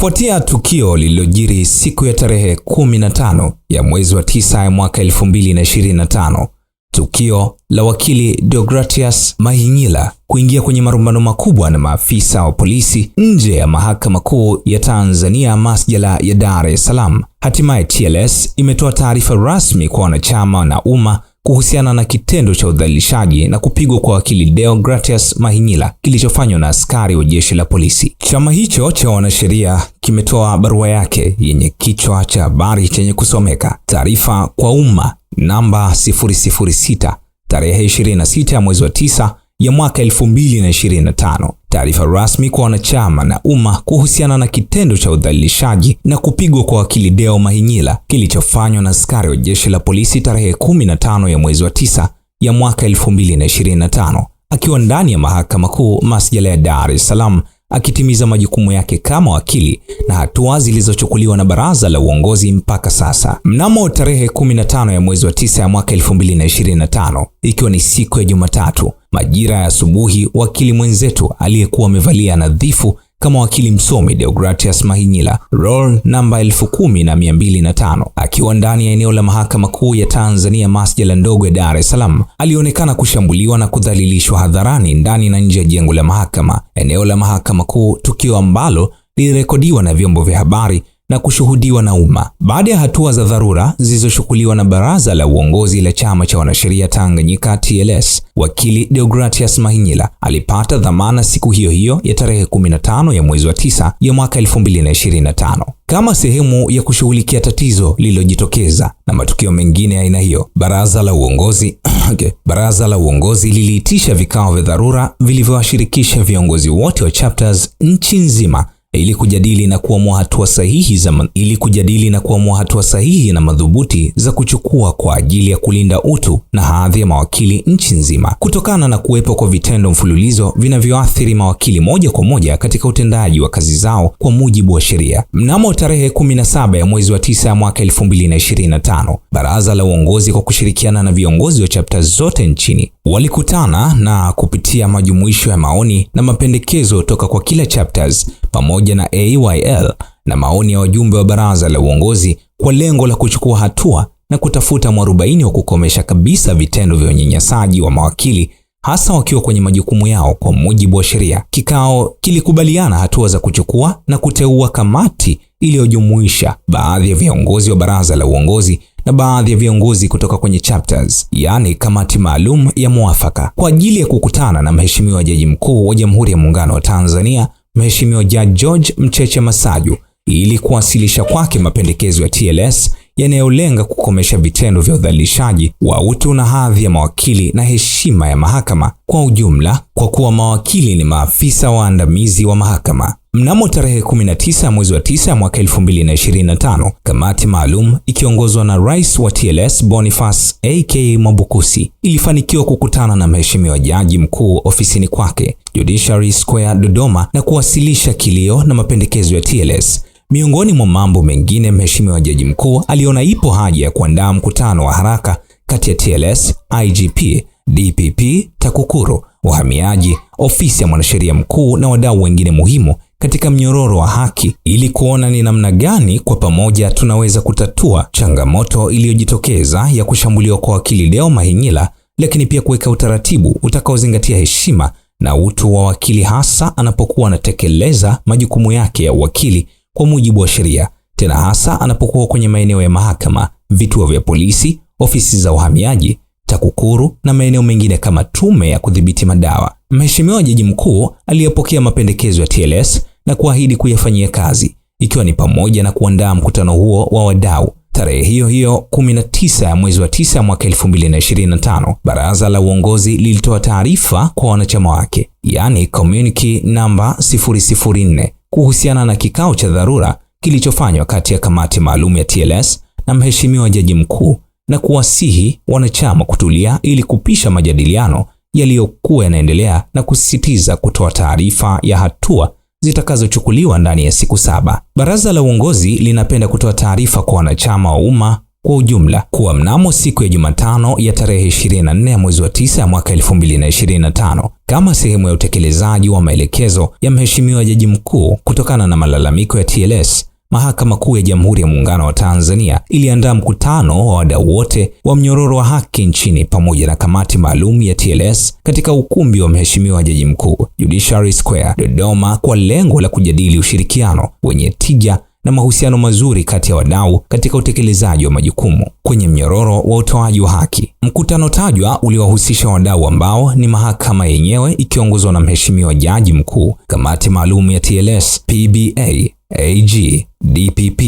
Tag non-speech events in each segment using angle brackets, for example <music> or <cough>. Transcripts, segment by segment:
Kufuatia tukio lililojiri siku ya tarehe 15 ya mwezi wa 9 ya mwaka 2025, tukio la wakili deogratius Mahinyila kuingia kwenye marumbano makubwa na maafisa wa polisi nje ya Mahakama Kuu ya Tanzania masjala ya Dar es Salaam, hatimaye TLS imetoa taarifa rasmi kwa wanachama na umma kuhusiana na kitendo cha udhalilishaji na kupigwa kwa wakili deogratius Mahinyila kilichofanywa na askari wa jeshi la polisi. Chama hicho cha wanasheria kimetoa barua yake yenye kichwa cha habari chenye kusomeka taarifa kwa umma namba 006 tarehe 26 ya mwezi wa 9 ya mwaka 2025, taarifa rasmi kwa wanachama na umma kuhusiana na kitendo cha udhalilishaji na kupigwa kwa wakili Deo Mahinyila kilichofanywa na askari wa jeshi la polisi tarehe 15 ya mwezi wa 9 ya mwaka 2025 akiwa ndani ya mahakama kuu masjala ya Dar es Salaam akitimiza majukumu yake kama wakili na hatua zilizochukuliwa na baraza la uongozi mpaka sasa. Mnamo tarehe 15 ya mwezi wa 9 ya mwaka 2025, ikiwa ni siku ya Jumatatu majira ya asubuhi, wakili mwenzetu aliyekuwa amevalia nadhifu kama wakili msomi Deogratias Mahinyila, roll namba 10205, akiwa ndani ya eneo la mahakama kuu ya Tanzania, masjala ndogo ya Dar es Salaam, alionekana kushambuliwa na kudhalilishwa hadharani ndani na nje ya jengo la mahakama, eneo la mahakama kuu, tukio ambalo lilirekodiwa na vyombo vya habari na kushuhudiwa na umma. Baada ya hatua za dharura zilizochukuliwa na baraza la uongozi la chama cha wanasheria Tanganyika TLS, wakili Deogratias Mahinyila alipata dhamana siku hiyo hiyo ya tarehe 15 ya mwezi wa 9 ya mwaka 2025 kama sehemu ya kushughulikia tatizo lililojitokeza na matukio mengine ya aina hiyo. Baraza la uongozi <clears throat> okay, baraza la uongozi liliitisha vikao vya dharura vilivyowashirikisha viongozi wote wa chapters nchi nzima ili kujadili na kuamua hatua sahihi za ili kujadili na kuamua hatua sahihi na madhubuti za kuchukua kwa ajili ya kulinda utu na hadhi ya mawakili nchi nzima, kutokana na kuwepo kwa vitendo mfululizo vinavyoathiri mawakili moja kwa moja katika utendaji wa kazi zao kwa mujibu wa sheria. Mnamo tarehe 17 ya mwezi wa 9 ya mwaka 2025, baraza la uongozi kwa kushirikiana na viongozi wa chapta zote nchini walikutana na kupitia majumuisho ya maoni na mapendekezo toka kwa kila chapters pamoja na AYL na maoni ya wajumbe wa baraza la uongozi kwa lengo la kuchukua hatua na kutafuta mwarobaini wa kukomesha kabisa vitendo vya unyanyasaji wa mawakili hasa wakiwa kwenye majukumu yao kwa mujibu wa sheria. Kikao kilikubaliana hatua za kuchukua na kuteua kamati iliyojumuisha baadhi ya viongozi wa baraza la uongozi na baadhi ya viongozi kutoka kwenye chapters, yaani kamati maalum ya mwafaka kwa ajili ya kukutana na Mheshimiwa Jaji Mkuu wa Jamhuri ya Muungano wa Tanzania Mheshimiwa Jaji George Mcheche Masaju ili kuwasilisha kwake mapendekezo ya TLS yanayolenga kukomesha vitendo vya udhalilishaji wa utu na hadhi ya mawakili na heshima ya mahakama kwa ujumla, kwa kuwa mawakili ni maafisa waandamizi wa mahakama. Mnamo tarehe 19 mwezi wa 9 mwaka 2025, kamati maalum ikiongozwa na Rais wa TLS Boniface AK Mwabukusi ilifanikiwa kukutana na Mheshimiwa Jaji Mkuu ofisini kwake Judiciary Square Dodoma na kuwasilisha kilio na mapendekezo ya TLS. Miongoni mwa mambo mengine, Mheshimiwa Jaji Mkuu aliona ipo haja ya kuandaa mkutano wa haraka kati ya TLS, IGP, DPP, TAKUKURU, wahamiaji, ofisi ya mwanasheria mkuu na wadau wengine muhimu katika mnyororo wa haki ili kuona ni namna gani kwa pamoja tunaweza kutatua changamoto iliyojitokeza ya kushambuliwa kwa wakili Deo Mahinyila, lakini pia kuweka utaratibu utakaozingatia heshima na utu wa wakili hasa anapokuwa anatekeleza majukumu yake ya uwakili kwa mujibu wa sheria, tena hasa anapokuwa kwenye maeneo ya mahakama, vituo vya polisi, ofisi za uhamiaji, TAKUKURU na maeneo mengine kama tume ya kudhibiti madawa. Mheshimiwa Jaji Mkuu aliyepokea mapendekezo ya TLS na kuahidi kuyafanyia kazi ikiwa ni pamoja na kuandaa mkutano huo wa wadau tarehe hiyo hiyo 19 ya mwezi wa 9 mwaka 2025. Baraza la uongozi lilitoa taarifa kwa wanachama wake, yani communique namba 004 kuhusiana na kikao cha dharura kilichofanywa kati ya kamati maalum ya TLS na mheshimiwa jaji mkuu na kuwasihi wanachama kutulia ili kupisha majadiliano yaliyokuwa yanaendelea na kusisitiza kutoa taarifa ya hatua zitakazochukuliwa ndani ya siku saba. Baraza la uongozi linapenda kutoa taarifa kwa wanachama wa umma kwa ujumla kuwa mnamo siku ya Jumatano ya tarehe 24 ya mwezi wa 9 ya mwaka 2025 kama sehemu ya utekelezaji wa maelekezo ya Mheshimiwa Jaji Mkuu kutokana na malalamiko ya TLS, Mahakama Kuu ya Jamhuri ya Muungano wa Tanzania iliandaa mkutano wa wadau wote wa mnyororo wa haki nchini pamoja na kamati maalum ya TLS katika ukumbi wa Mheshimiwa Jaji Mkuu Judiciary Square, Dodoma, kwa lengo la kujadili ushirikiano wenye tija na mahusiano mazuri kati ya wadau katika utekelezaji wa majukumu kwenye mnyororo wa utoaji wa haki. Mkutano tajwa uliwahusisha wadau ambao ni mahakama yenyewe ikiongozwa na mheshimiwa jaji mkuu, kamati maalum ya TLS, PBA, AG, DPP,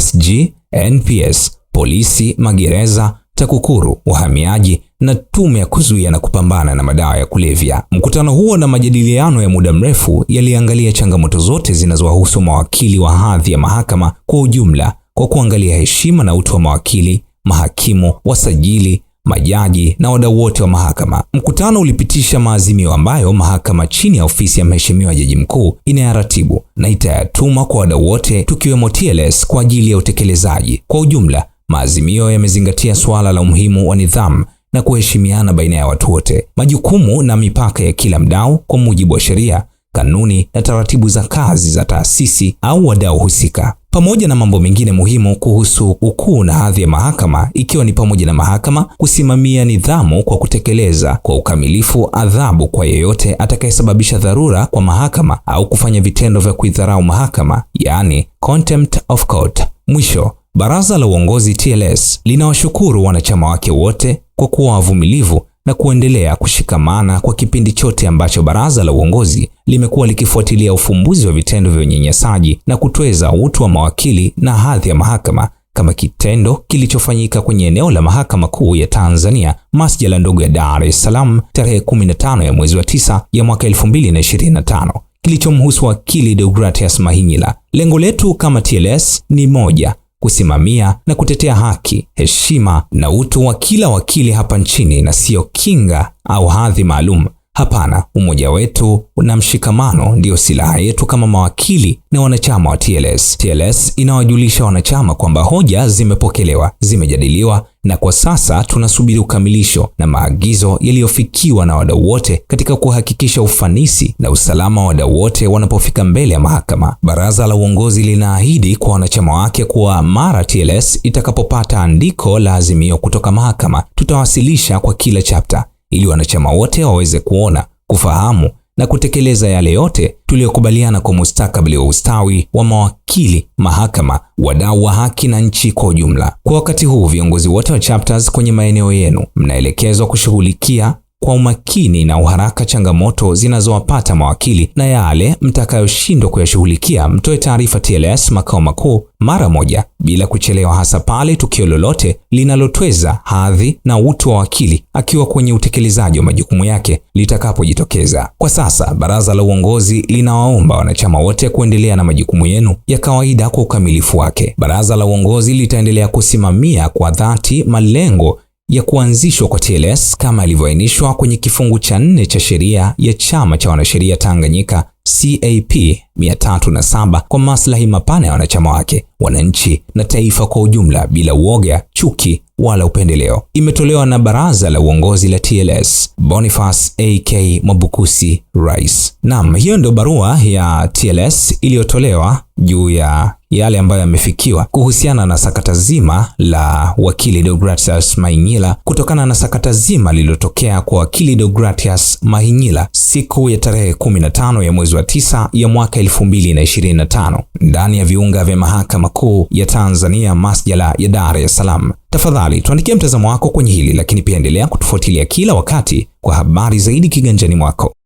SG, NPS, polisi, magereza, TAKUKURU, wahamiaji na tume ya kuzuia na kupambana na madawa ya kulevya. Mkutano huo na majadiliano ya muda mrefu yaliangalia changamoto zote zinazowahusu mawakili wa hadhi ya mahakama kwa ujumla, kwa kuangalia heshima na utu wa mawakili, mahakimu, wasajili majaji na wadau wote wa mahakama. Mkutano ulipitisha maazimio ambayo mahakama chini ya ofisi ya mheshimiwa jaji mkuu inayaratibu na itayatuma kwa wadau wote, tukiwemo TLS kwa ajili ya utekelezaji. Kwa ujumla, maazimio yamezingatia suala la umuhimu wa nidhamu na kuheshimiana baina ya watu wote. Majukumu na mipaka ya kila mdau kwa mujibu wa sheria, kanuni na taratibu za kazi za taasisi au wadau husika, pamoja na mambo mengine muhimu kuhusu ukuu na hadhi ya mahakama, ikiwa ni pamoja na mahakama kusimamia nidhamu kwa kutekeleza kwa ukamilifu adhabu kwa yeyote atakayesababisha dharura kwa mahakama au kufanya vitendo vya kuidharau mahakama, yani contempt of court. Mwisho, Baraza la Uongozi TLS linawashukuru wanachama wake wote kwa kuwa wavumilivu na kuendelea kushikamana kwa kipindi chote ambacho Baraza la Uongozi limekuwa likifuatilia ufumbuzi wa vitendo vya unyanyasaji na kutweza utu wa mawakili na hadhi ya mahakama kama kitendo kilichofanyika kwenye eneo la Mahakama Kuu ya Tanzania, masjala ndogo ya Dar es Salaam tarehe 15 ya mwezi wa 9 ya mwaka 2025 kilichomhusu wakili Deogratias Mahinyila. Lengo letu kama TLS ni moja kusimamia na kutetea haki, heshima na utu wa kila wakili hapa nchini na siyo kinga au hadhi maalum. Hapana, umoja wetu na mshikamano ndiyo silaha yetu kama mawakili na wanachama wa TLS. TLS inawajulisha wanachama kwamba hoja zimepokelewa, zimejadiliwa na kwa sasa tunasubiri ukamilisho na maagizo yaliyofikiwa na wadau wote katika kuhakikisha ufanisi na usalama wa wadau wote wanapofika mbele ya mahakama. Baraza la uongozi linaahidi kwa wanachama wake kuwa mara TLS itakapopata andiko la azimio kutoka mahakama, tutawasilisha kwa kila chapta ili wanachama wote waweze kuona, kufahamu na kutekeleza yale yote tuliyokubaliana kwa mustakabali wa ustawi wa mawakili, mahakama, wadau wa haki na nchi kwa ujumla. Kwa wakati huu, viongozi wote wa chapters kwenye maeneo yenu mnaelekezwa kushughulikia kwa umakini na uharaka changamoto zinazowapata mawakili na yale mtakayoshindwa kuyashughulikia, mtoe taarifa TLS makao makuu mara moja bila kuchelewa, hasa pale tukio lolote linalotweza hadhi na utu wa wakili akiwa kwenye utekelezaji wa majukumu yake litakapojitokeza. Kwa sasa, baraza la uongozi linawaomba wanachama wote kuendelea na majukumu yenu ya kawaida kwa ukamilifu wake. Baraza la uongozi litaendelea kusimamia kwa dhati malengo ya kuanzishwa kwa TLS kama ilivyoainishwa kwenye kifungu cha nne cha sheria ya Chama cha Wanasheria Tanganyika CAP 307 kwa maslahi mapana ya wanachama wake, wananchi na taifa kwa ujumla, bila uoga, chuki wala upendeleo. Imetolewa na baraza la uongozi la TLS. Boniface AK Mwabukusi, rais. Naam, hiyo ndio barua ya TLS iliyotolewa juu ya yale ambayo yamefikiwa kuhusiana na sakata zima la wakili Deogratias Mahinyila, kutokana na sakata zima lililotokea kwa wakili Deogratias Mahinyila siku ya tarehe 15 ya mwezi mwezi wa tisa ya mwaka 2025 ndani ya viunga vya Mahakama Kuu ya Tanzania, Masjala ya Dar es Salaam. Tafadhali tuandikie mtazamo wako kwenye hili, lakini pia endelea kutufuatilia kila wakati kwa habari zaidi kiganjani mwako.